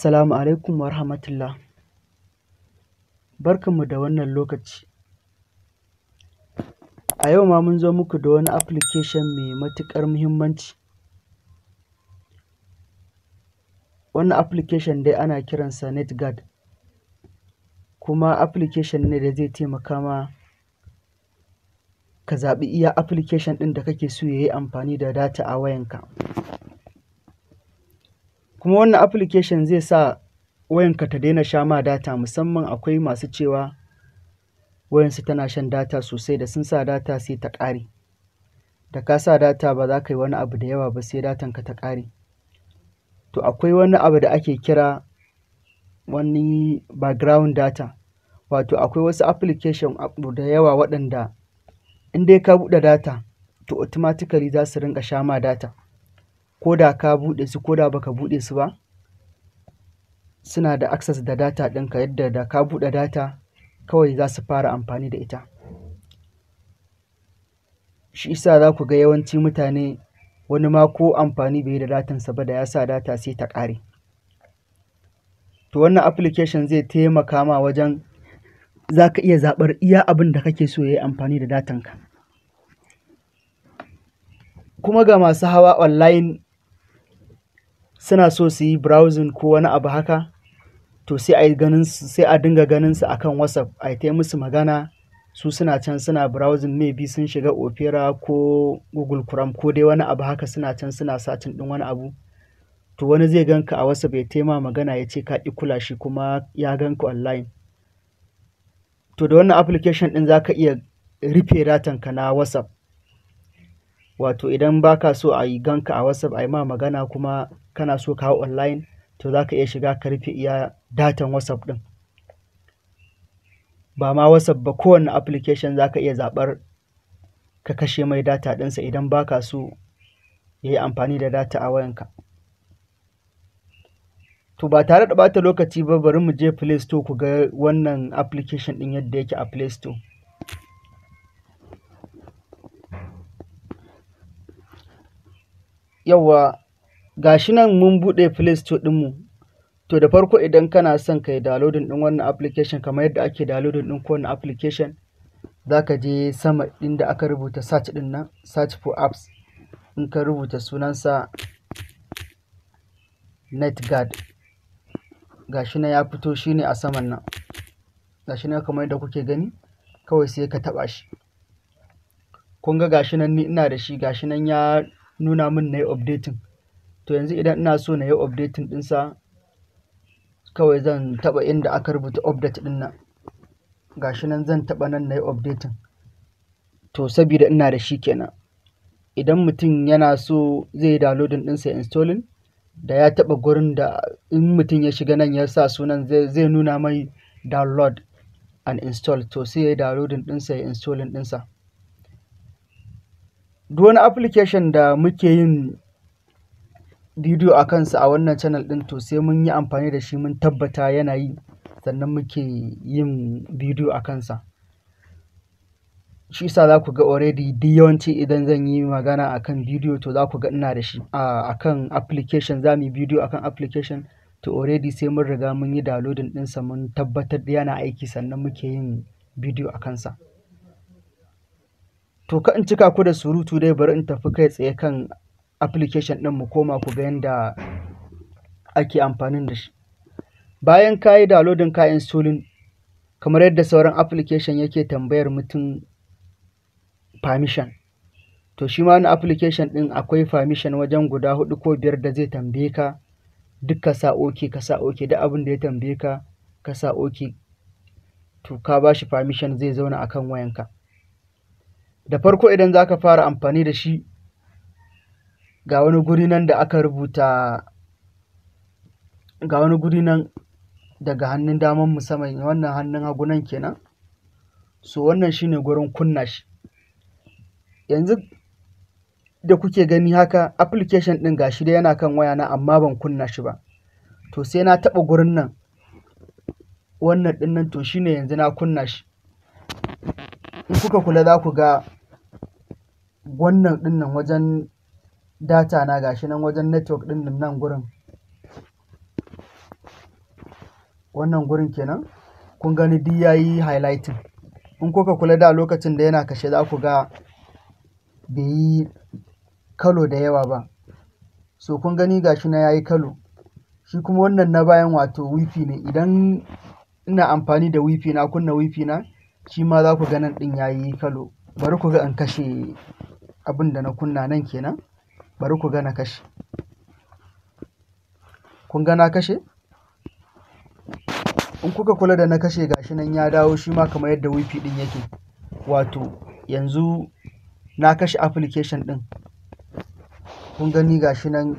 Assalamu alaikum wa rahmatullah. Barkanmu da wannan lokaci. A yau ma mun zo muku da wani application mai matuƙar muhimmanci. Wannan application dai ana kiransa NetGuard, kuma application ne da zai taimaka ma ka zaɓi iya application ɗin da kake so ya yi amfani da data a wayanka. kuma wannan application zai sa wayanka ta daina sha ma data musamman akwai masu cewa wayansu tana shan data sosai da sun sa data sai ta ƙare da ka sa data ba za ka yi wani abu da yawa ba sai datan ka ta ƙare to akwai wani abu da ake kira wani background data wato akwai wasu application da yawa waɗanda in dai ka buɗe data to automatically za su rinƙa sha ma data ko da ka buɗe su ko da baka buɗe su ba suna da access da data ɗinka yadda da ka buɗe data kawai za su fara amfani da ita shi isa za ku ga yawanci mutane wani ma ko amfani bai da datansa ba da ya sa data sai ta ƙare to wannan application zai taimaka ma wajen za ka iya zaɓar iya abin da kake so ya yi amfani da datanka kuma ga masu hawa online suna so su yi browsing ko wani abu haka to sai a ganin sai a dinga ganin su akan WhatsApp a ta musu magana su suna can suna browsing maybe sun shiga Opera ko Google Chrome ko dai wani abu haka suna can suna satin din wani abu to wani zai ganka a WhatsApp ya taima magana ya ce ka ƙi kula shi kuma ya ganka online to da wannan application din zaka iya rufe ratanka na WhatsApp wato idan ba ka so a yi ganka a whatsapp a yi ma magana kuma kana so ka hau online to za ka iya shiga ka rufe iya datan whatsapp din? ba ma whatsapp ba kowane application za ka iya zaɓar ka kashe mai data ɗinsa idan ba ka so ya yi amfani da data a wayanka to ba tare da bata lokaci ba bari mu je play store ku ga wannan application din yadda yake a play store Yauwa, ga shi nan mun buɗe Play Store ɗinmu. To da farko idan kana son ka yi downloading ɗin wannan application kamar yadda ake downloading ɗin kowane application, za ka je sama inda aka rubuta search ɗin nan, search for apps, in ka rubuta sunansa NetGuard. Ga shi nan ya fito shi ne a saman nan. Ga shi nan kamar yadda kuke gani, kawai sai ka taɓa shi. Kun ga gashi nan ni ina da shi, ga nan ya nuna min na yi updating. To yanzu idan ina so na yi updating dinsa, kawai zan taba inda aka rubuta update din nan. Ga nan zan taba nan na yi updating. To sabida ina da shi kenan. Idan mutum yana so zai yi downloading dinsa ya installing da ya taba gurin da in mutum ya shiga nan ya sa sunan zai, nuna mai download and install to sai ya yi downloading ya installing ɗinsa. duk wani application da muke yin bidiyo a kansa a wannan channel ɗin to sai mun yi amfani da shi mun tabbata yana yi sannan muke yin bidiyo a kansa shi sa za ku ga already duk yawanci idan zan yi magana akan bidiyo to za ku ga ina da shi a kan application za mu yi bidiyo akan application to already sai mun riga mun yi downloading ɗinsa mun tabbatar da yana aiki sannan muke yin bidiyo a kansa To ka in cika ku da surutu dai bari in tafi kai tsaye kan application ɗin mu koma ku ga yanda ake amfanin da shi. Bayan ka yi downloading ka installing kamar yadda sauran application yake tambayar mutum permission. To shi ma wannan application ɗin akwai permission wajen guda huɗu ko biyar da zai tambaye ka duk ka sa oke ka sa oke duk abin da ya tambaye ka ka sa oke to ka ba shi permission zai zauna akan kan wayanka. da farko idan za ka fara amfani da shi ga wani guri nan da aka rubuta ga wani guri nan daga hannun daman musamman wannan hannun hagu nan kenan so wannan shine gurin kunna shi yanzu da kuke gani haka application ɗin gashi da yana kan wayana amma ban kunna shi ba to sai na taɓa gurin nan wannan ɗin nan to shine yanzu na kunna shi in kuka kula za ku ga wannan ɗinnan wajen data na gashi nan wajen network dinnan nan gurin wannan gurin kenan kun gani duk yayi highlighting in kuka kula da lokacin da yana kashe za ku ga bai yi kalo da yawa ba so kun gani gashi na yayi kalo shi kuma wannan na bayan wato wifi ne idan ina amfani da wifi na kunna wifi na shi ma za ku ga nan ɗin yayi kalo bari ku ga in kashe abin da na kunna nan kenan bari ku ga na kashe kun ga na kashe in kuka kula da na kashe gashi nan ya dawo shi ma kamar yadda wifi din yake wato yanzu na kashe application din kun gani gashi nan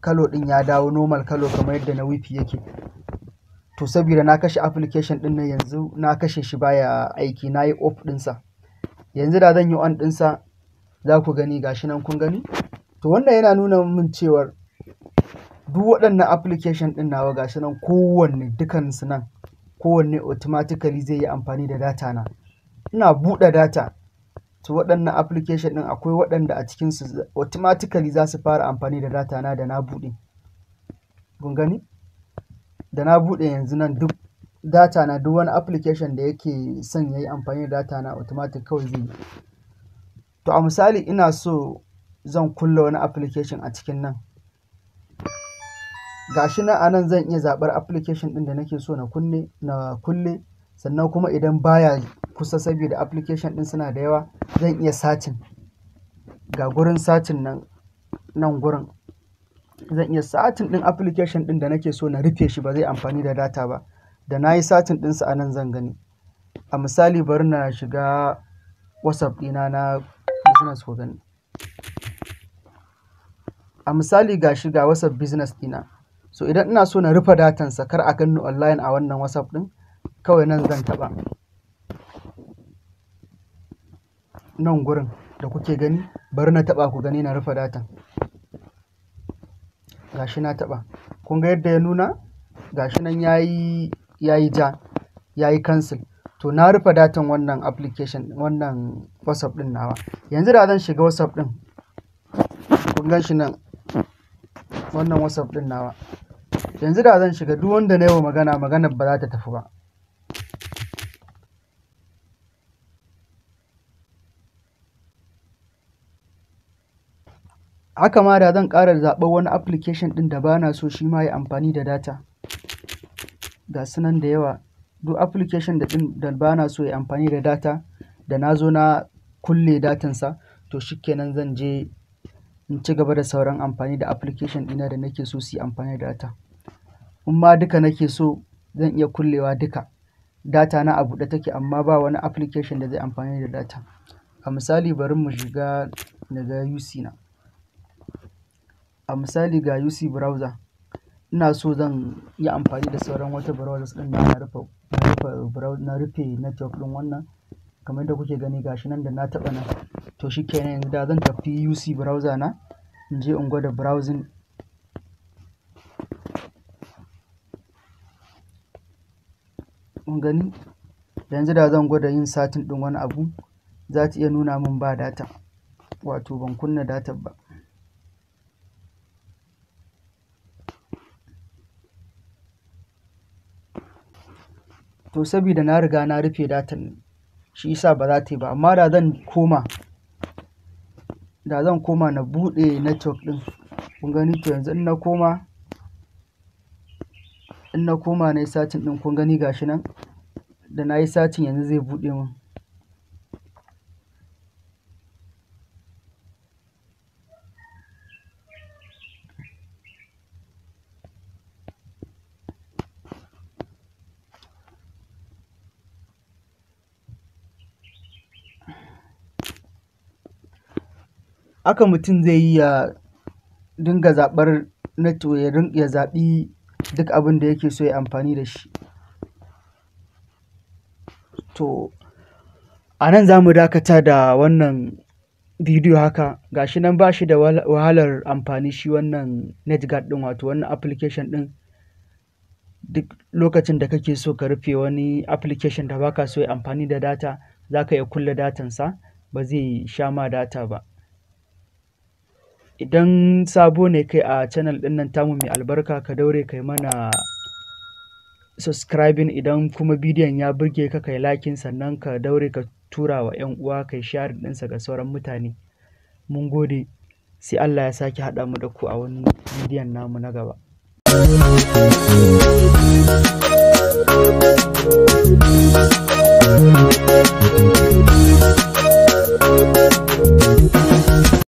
kalo din ya dawo normal kalo kamar yadda na wifi yake to saboda na kashe application din nan yanzu na kashe shi baya aiki na yi off dinsa yanzu da zan yi on dinsa za ku gani gashi nan kun gani to wannan yana nuna min cewar duk waɗannan application ɗin nawa gashi nan kowanne dukansu nan kowanne automatically zai yi amfani da data na ina buɗe data to waɗannan application ɗin akwai waɗanda a cikinsu automatically za su fara amfani da data na da na buɗe kun gani da na buɗe yanzu nan duk data na duk wani application da yake son ya yi amfani da data na automatic kawai zai yi To a misali ina so zan kulle wani application a cikin nan. Ga shi anan zan iya zaɓar application ɗin da nake so na kunne na kulle sannan kuma idan baya kusa saboda application ɗin suna da yawa zan iya satin Ga gurin satin nan, nan gurin zan iya satin ɗin application ɗin da nake so na rufe shi ba zai amfani da data ba. Da na yi satin ɗinsa anan zan gani. A misali bari na shiga WhatsApp ɗina na. business A misali ga shi ga WhatsApp business ina So idan ina so na rufe datansa kar a ganni online a wannan WhatsApp din? kawai nan zan taɓa. Nan gurin da kuke gani bari na taɓa ku gani na rufe datan. Ga na taɓa. Kun ga yadda ya nuna? Ga shi nan ya yi, ja, ya yi cancel. to na rufe datan wannan application wannan whatsapp din nawa yanzu da zan shiga whatsapp din kun gan shi nan wannan whatsapp din nawa yanzu da zan shiga duk wanda na yi wa magana maganar ba za ta tafi ba haka ma da zan ƙara zaɓar wani application ɗin da ba na so shi ma ya amfani da data ga sunan da yawa duk application da ɗin da ba na so ya amfani da data da na zo na kulle datan sa to shikenan zan je in ci gaba da sauran amfani da application ɗina da nake so su yi amfani da data. In ma duka nake so zan iya kullewa duka. Data na a buɗe take amma ba wani application da zai amfani da data. A misali bari mu shiga na UC na. A misali ga UC browser ina so zan yi amfani da sauran wata browser ɗin da na rufe. na rufe na network ɗin wannan kamar yadda kuke gani gashi nan da na taɓa nan to shi kenan yanzu da zan tafi UC browser na in je in gwada browsing kun gani yanzu da zan gwada yin satin ɗin wani abu za ta iya nuna min ba data wato ban kunna data ba to sabida na riga na rufe datan ne shi yasa ba za ta yi ba amma da zan koma da zan koma na buɗe network ɗin kun gani to yanzu in na koma in na koma na yi satin ɗin kun gani gashi nan da na yi satin yanzu zai buɗe mun. haka mutum zai yi ya dinga zaɓar netwo ya zaɓi duk abin da yake so ya amfani da shi. To, a nan za mu dakata da wannan bidiyo haka ga shi nan ba shi da wahalar amfani shi wannan NetGuard ɗin wato wannan application ɗin. Duk lokacin da kake so ka rufe wani application da baka so ya amfani da data za ka iya kulle datansa ba zai sha ma data ba. idan sabo ne kai a channel din nan tamu mai albarka ka daure kai mana subscribing idan kuma bidiyon ya burge ka kai lakin sannan ka daure ka tura wa 'yan uwa kai share ɗinsa ga sauran mutane mun gode sai Allah ya sake haɗa mu da ku a wani bidiyon namu na gaba